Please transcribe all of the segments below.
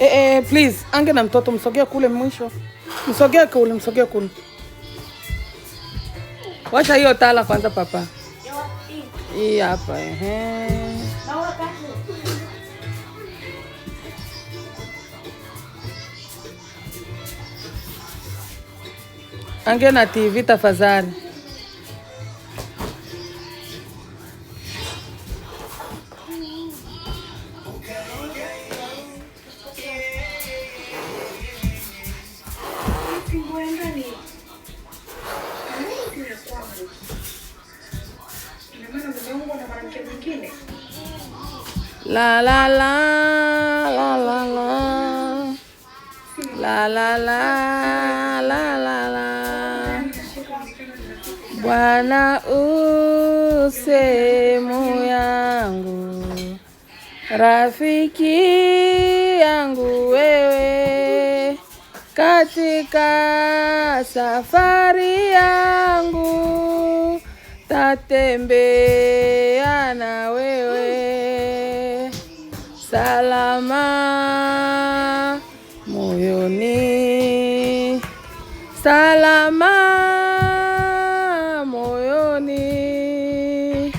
Eh, eh, please ange na mtoto msogea kule mwisho, msogea kule, msogea kule. Washa hiyo tala kwanza, papa. Hii hapa ehe. Ange na TV tafadhali. La la la la la la la la la la la la Bwana usemu yangu rafiki yangu wewe katika safari yangu tatembea na wewe salama moyoni, salama moyoni,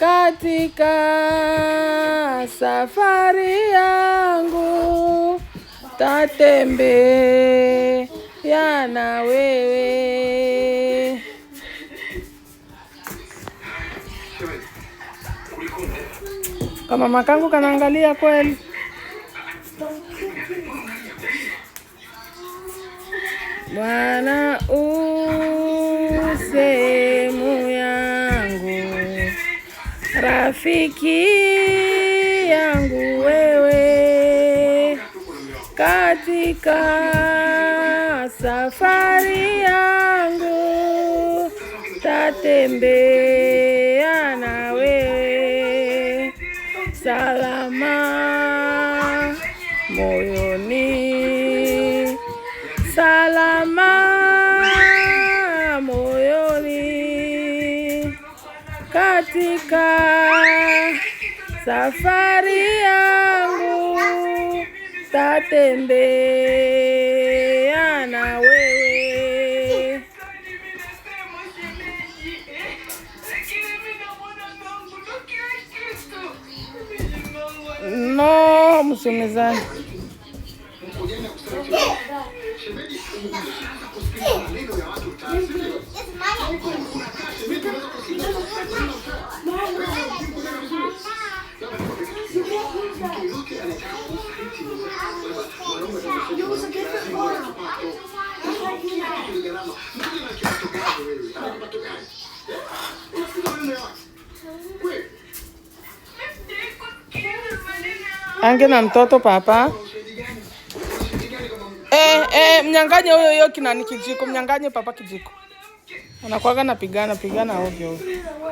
katika safari yangu tatembea na wewe. Kama makangu kanaangalia kweli. Bwana usemu yangu rafiki katika safari yangu tatembea na wewe salama moyoni, salama moyoni katika safari yangu atende na wewe. No, msumizani Ange na mtoto papa. Eh, eh, mnyanganye huyo hiyo kinani kijiko, mnyanganye papa kijiko. Anakwaga na pigana pigana ovyo.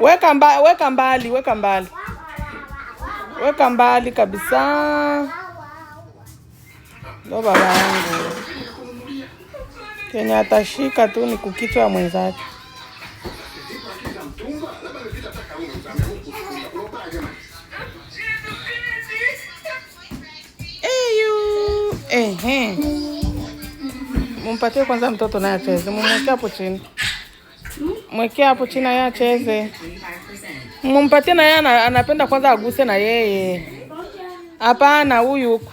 Weka mbali, weka mbali, weka mbali. Weka mbali kabisa ndo baba yangu kenye atashika tu ni kukichwa mwenzake. Ehe, mumpatie kwanza mtoto naye acheze, mumwekee hapo chini, mwekee hapo chini naye acheze, mumpatie naye, anapenda kwanza aguse na yeye. Hapana, huyu huku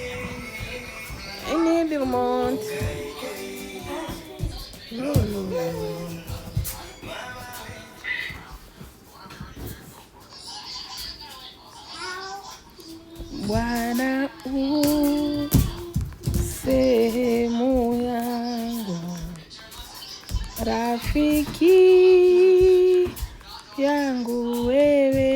le monde. Bwana u sehemu yangu, rafiki yangu wewe